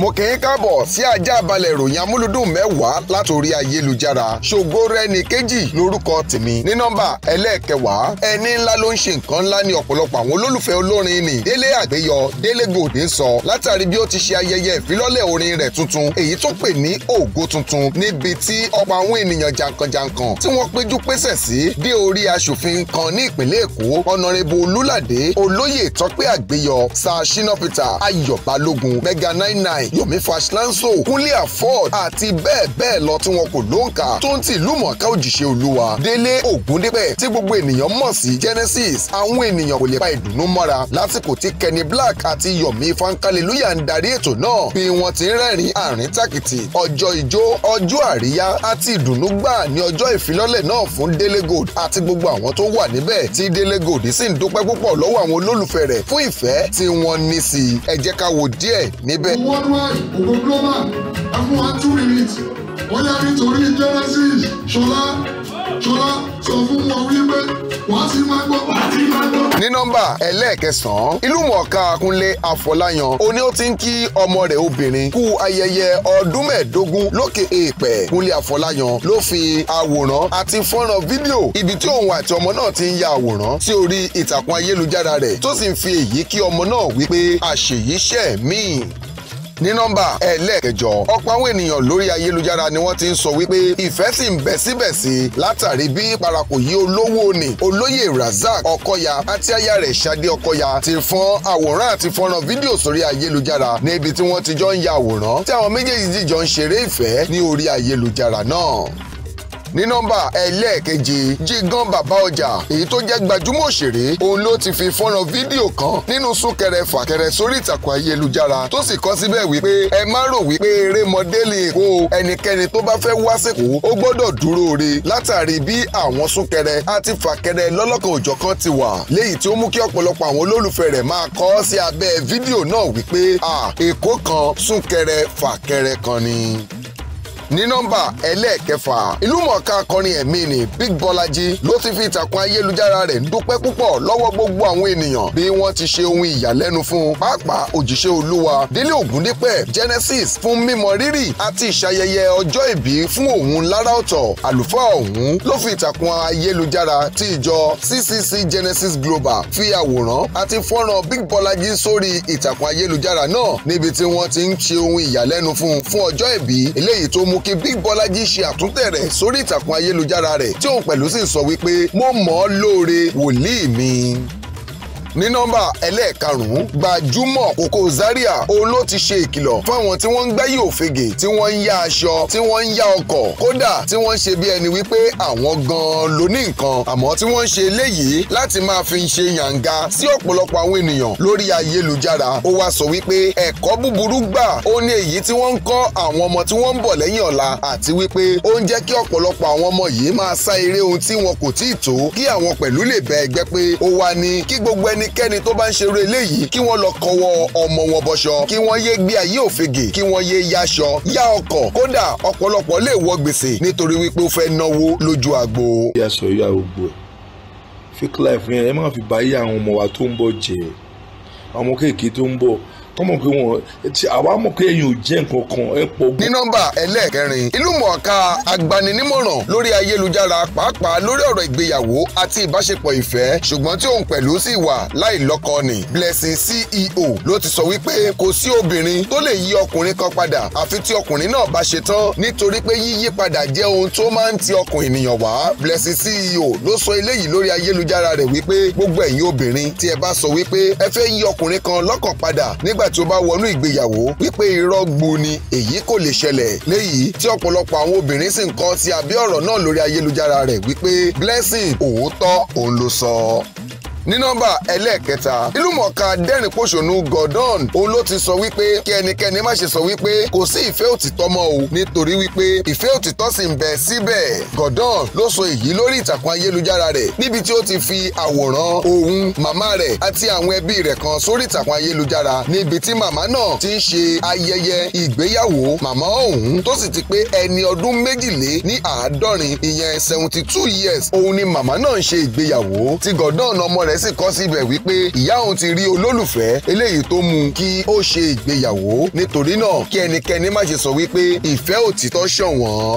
mo kì í káàbọ̀ sí ajá balẹ̀ ìròyìn amúlùdùn mẹ́wàá látòrí ayélujára ṣògo rẹni kejì lórúkọ tèmi ní nọ́mbà ẹlẹ́ẹ̀kẹwàá ẹni ńlá ló ń ṣe nǹkan ńlá ní ọ̀pọ̀lọpọ̀ àwọn olólùfẹ́ olórin ni délé àgbéyọ délé gbòdì ń sọ látàrí bí ó ti ṣe ayẹyẹ ìfilọ́lẹ̀ orin rẹ̀ tuntun èyí tó pè ní ògo tuntun níbi tí ọ̀pọ̀ àwọn ènìyàn jàǹkànjàǹkàn tí wọ́n péjú pésẹ̀ sí dé orí aṣòfin kan ní ìpínlẹ̀ èkó ọ̀nàrẹ́bù olúlàdé olóyè tọ́pẹ́ àgbéyọ Fatai Yomi Fashlanso Kúnlé Afod àti bẹ́ẹ̀ bẹ́ẹ̀ lọ tí wọn kò lóǹkà tó ń ti ìlú mọ̀ọ́ká òjìṣẹ́ olúwa Délé Ògúndébẹ̀ tí gbogbo ènìyàn mọ̀ sí Genesis àwọn ènìyàn kò lè pa ìdùnnú mọ́ra lásìkò tí Kenny Black àti Yomi Fankaleluya ń darí ètò náà bí wọ́n ti ń rẹ́rìn àrín tàkìtì ọjọ́ ijó ọjọ́ àríyá àti ìdùnnú gbà ní ọjọ́ ìfilọ́lẹ̀ náà fún Délé Gold àti gbogbo àwọn tó wà níbẹ̀ tí Délé Gold sì ń dúpẹ́ púpọ̀ lọ́wọ́ àwọn olólùfẹ́ rẹ̀ fún ìfẹ́ tí wọ́n ní sí i ẹ jẹ́ ká wo díẹ̀ níbẹ̀. wọ́n báyìí Ògo Global ẹ fún wa two minutes wọ́n yá nítorí Genesis Ṣọlá Ṣọlá sọ fún wọn wípé wọ́n sì máa gbọ́ wọ́n sì máa gbọ́ ní nọ́mbà ẹlẹ́ẹ̀kẹsàn-án ìlúmọ̀ọ́ká Kúnlé Afọláyan oní ó ti ń kí ọmọ rẹ̀ obìnrin kú ayẹyẹ ọdún mẹ́ẹ̀ẹ́dógún lókè èèpẹ̀ Kúnlé Afọláyan ló fi àwòrán àti fọ́nrán fídíò ibi tí òun àti ọmọ náà ti ń ya àwòrán sí orí ìtàkùn ayélujára rẹ̀ tó sì ń fi èyí kí ọmọ náà wípé àṣèyíṣẹ́ míì ní nọ́mbà ẹlẹ́ẹ̀kẹjọ ọ̀pọ̀ àwọn ènìyàn lórí ayélujára ni wọ́n ti ń sọ wípé ìfẹ́ sì ń bẹ síbẹ̀ sí látàrí bí parapò yìí olówó ni olóyè Razak Ọkọya àti aya rẹ̀ Ṣadé Ọkọya ti fọ́n àwòrán àti fọ́nrán fídíò sórí ayélujára ní ibi tí wọ́n ti jọ ń ya àwòrán tí àwọn méjèèjì jọ ń ṣeré ìfẹ́ ní orí ayélujára náà ní nọ́mbà ẹlẹ́ẹ̀kejì jígan bàbá ọjà èyí tó jẹ́ gbajúmọ̀ òṣèré òun ló ti fi fọ́nrán fídíò kan nínú súnkẹrẹ fàkẹrẹ sórí ìtàkùn ayélujára tó sì kọ síbẹ̀ wípé ẹ má rò wípé erémọdé lè kó ẹnikẹ́ni tó bá fẹ́ wá sẹ́kọ̀ọ́ ó gbọ́dọ̀ dúró re látàrí bí àwọn súnkẹrẹ àti fàkẹrẹ lọ́lọ́kan òjọ̀kan ti wà léyìí tí ó mú kí ọ̀pọ̀lọpọ̀ àwọn olólùfẹ́ rẹ̀ máa kọ sí abẹ́ fídíò náà wípé à èkó kan súnkẹrẹ fàkẹrẹ kan ni ní nọ́mbà ẹlẹ́ẹ̀kẹfà ìlúmọ̀ọ́ká akọrin ẹ̀mí ni Big Bọ́lájí ló ti fi ìtàkùn ayélujára rẹ̀ ń dúpẹ́ púpọ̀ lọ́wọ́ gbogbo àwọn ènìyàn bí wọ́n ti ṣe ohun ìyàlẹ́nu fún un pàápàá òjíṣẹ́ olúwa délé ògúndípẹ̀ Genesis fún mímọ rírì àti ìṣayẹyẹ ọjọ́ ìbí fún òun lára ọ̀tọ̀ àlùfáà ọ̀hún ló fi ìtàkùn ayélujára ti ìjọ CCC Genesis Global fi àwòrán àti fọ́nrán Big Bọ́lájí sórí ìtàkùn ayélujára náà níbi tí wọ́n ti ń ṣe ohun ìyàlẹ́nu fún fún ọjọ́ ìbí eléyìí tó mú òkè big bọ́lájí ṣe àtúntẹ̀ rẹ̀ sórí ìtàkùn ayélujára rẹ̀ tí òun pẹ̀lú sì sọ wípé mo mọ̀ ọ́ lóore wòlíì mi ní nọ́mbà ẹlẹ́ẹ̀karùn-ún gbajúmọ̀ Koko Zaria òun ló ti ṣe ìkìlọ̀ fáwọn tí wọ́n ń gbẹ́yìn òfegè tí wọ́n ń yá aṣọ tí wọ́n ń yá ọkọ̀ kódà tí wọ́n ń ṣe bí ẹni wípé àwọn gan-an ló ní nǹkan àmọ́ tí wọ́n ń ṣe eléyìí láti máa fi ń ṣe yànga sí ọ̀pọ̀lọpọ̀ àwọn ènìyàn lórí ayélujára ó wá sọ wípé ẹ̀kọ́ búburú gbà ó ní èyí tí wọ́n ń kọ́ àwọn ọmọ tí wọ́n ń bọ̀ lẹ́yìn ọ̀la àti wípé ó ń jẹ́ kí ọ̀pọ̀lọpọ̀ àwọn ọmọ yìí máa sá eré ohun tí wọn kò tíì tó kí àwọn pẹ̀lú lè bẹ ẹgbẹ́ pé ó wá ní kí gbogbo ẹnikẹ́ni tó bá ń ṣerú eléyìí kí wọ́n lọ kọ́wọ́ ọmọ wọn bọṣọ kí wọ́n yé gbé ayé òfegè kí wọ́n yé yáṣọ yá ọkọ̀ kódà ọ̀pọ̀lọpọ̀ lè wọ gbèsè nítorí wípé ó fẹ́ náwó lójú àgbo. yàtọ̀ ìyá gbogbo ẹ̀ fake life yẹn ẹ má fi báyé àwọn ọmọ wa tó ń bọ̀ jẹ́ ọmọ kéèké tó ń bọ̀ tọmọ pé wọn ti àwa mọ̀ pé ẹ̀yin ò jẹ́ nǹkan kan ẹ pọ̀. ní nọ́mbà ẹlẹ́ẹ̀kẹrin ìlú mọ̀ọ́ká agbaninímọ̀ràn lórí ayélujára pàápàá lórí ọ̀rọ̀ ìgbéyàwó àti ìbáṣepọ̀ ìfẹ́ ṣùgbọ́n tí òun pẹ̀lú sì wà láì lọ́kọ ni Blessing CEO ló ti sọ wípé kò sí obìnrin tó lè yí ọkùnrin kan padà àfi tí ọkùnrin náà bá ṣe tán nítorí pé yíyí padà jẹ́ ohun tó máa ń ti ọkàn ènìyàn wá Blessing CEO ló sọ eléyìí lórí ayélujára rẹ̀ wípé gbogbo ẹ̀yin obìnrin tí ẹ bá sọ wípé ẹ fẹ́ yí ọkùnrin kan lọ́kàn padà nígbà nígbà tí ó bá wọnú ìgbéyàwó wípé irọ́ gbu ni èyí kò lè ṣẹlẹ̀ léyìí tí ọ̀pọ̀lọpọ̀ àwọn obìnrin sì ń kọ́ sí abẹ́ ọ̀rọ̀ náà lórí ayélujára rẹ̀ wípé Blessing òótọ́ òun ló sọ ní nọ́mbà ẹlẹ́ẹ̀kẹta ìlúmọ̀ọ́ká dẹ́rìn pòṣónú Gordon òun ló ti sọ wípé kí ẹnikẹ́ni má ṣe sọ wípé kò sí ìfẹ́ òtítọ́ mọ́ o nítorí wípé ìfẹ́ òtítọ́ sì ń bẹ síbẹ̀ Gordon ló sọ èyí lórí ìtàkùn ayélujára rẹ̀ níbi tí ó ti fi àwòrán òun màmá rẹ̀ àti àwọn ẹbí rẹ̀ kan sórí ìtàkùn ayélujára níbi tí màmá náà ti ń ṣe ayẹyẹ ìgbéyàwó màmá òun tó sì ti pé ẹni ọdún méjìlé ní àádọ́rin ìyẹn seventy two years òun ni màmá náà ń ṣe ìgbéyàwó tí Gordon ọmọ rẹ̀ rẹ̀ sì kọ síbẹ̀ wípé ìyá òun ti rí olólùfẹ́ eléyìí tó mú kí ó ṣe ìgbéyàwó nítorí náà kí ẹnikẹ́ni má ṣe sọ wípé ìfẹ́ òtítọ́ ṣọ̀wọ́n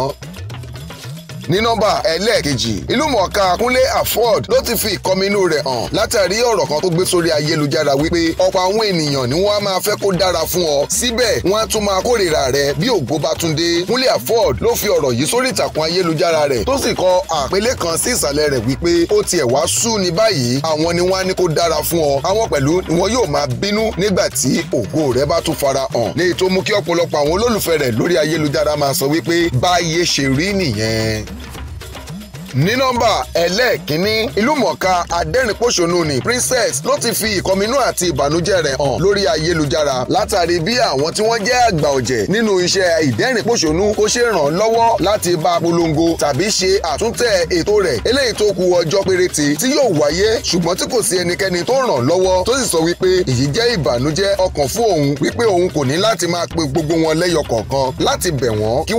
ní nọ́mbà ẹlẹ́ẹ̀kejì ìlúmọ̀ọ́ká Kúnlé Afod ló ti fi ìkọminú rẹ̀ hàn látàrí ọ̀rọ̀ kan tó gbé sórí ayélujára wípé ọ̀pọ̀ àwọn ènìyàn ni wọ́n á máa fẹ́ kó dára fún ọ síbẹ̀ wọ́n á tún máa kórìíra rẹ bí ògbó bá tún dé Kúnlé Afod ló fi ọ̀rọ̀ yìí sórí ìtàkùn ayélujára rẹ̀ tó sì kọ àpélé kan sí ìsàlẹ̀ rẹ̀ wípé ó tiẹ̀ wá sú ní báyìí àwọn ni wọ́n á ní kó dára fún ọ àwọn pẹ̀lú ni wọ́n fara hàn ní ètò mú kí ọ̀pọ̀lọpọ̀ àwọn olólùfẹ́ rẹ̀ lórí ayélujára máa sọ wípé báyé ní nọ́mbà ẹlẹ́ẹ̀kínní ìlúmọ̀ọ́ká adẹ́rìnpòṣónú ni princess ló ti fi ìkọminú àti ìbànújẹ́ rẹ̀ hàn lórí ayélujára látàrí bí àwọn tí wọ́n jẹ́ àgbà ọ̀jẹ̀ nínú iṣẹ́ ìdẹ́rìnpòṣónú kò ṣe ràn lọ́wọ́ láti bá polongo tàbí ṣe àtúntẹ̀ ètò rẹ̀ eléyìí tó kù ọjọ́ péréte tí yóò wáyé ṣùgbọ́n tí kò sí ẹnikẹ́ni tó ràn lọ́wọ́ tó sì sọ wípé èyí jẹ́ ìbànújẹ́ ọkàn fún òun wípé òun kò ní láti máa pe gbogbo wọn lẹ́yọ kọ̀ọ̀kan láti bẹ̀ wọ́n kí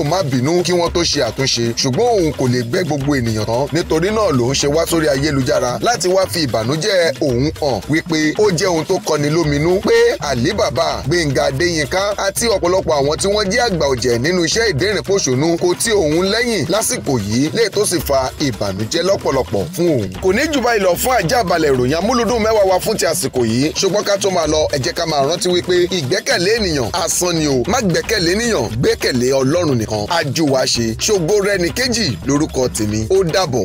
wọ́n b bínú kí wọ́n tó ṣe àtúnṣe ṣùgbọ́n òun kò lè gbẹ́ gbogbo ènìyàn tán nítorí náà ló ń ṣe wá sórí ayélujára láti wá fi ìbànújẹ́ òun hàn wípé ó jẹ́ ohun tó kọni lóminú pé Ali Baba Gbénga àti ọ̀pọ̀lọpọ̀ àwọn tí wọ́n jẹ́ àgbà ọ̀jẹ̀ nínú iṣẹ́ ìdẹ́rìnpòṣónú kò ti òun lẹ́yìn lásìkò yìí lè tó sì fa ìbànújẹ́ lọ́pọ̀lọpọ̀ fún òun. kò ní jù báyìí fún àjàbalẹ̀ ìròyìn amúlùdùn mẹ́wàá wa fún ti àsìkò yìí ṣùgbọ́n ká tó máa lọ ẹ ká máa rántí wípé ìgbẹ́kẹ̀lé ènìyàn asán ni o má ajú wa ṣe ṣògo rẹ̀ nìkejì lórúkọ tèmi ó dàbọ̀.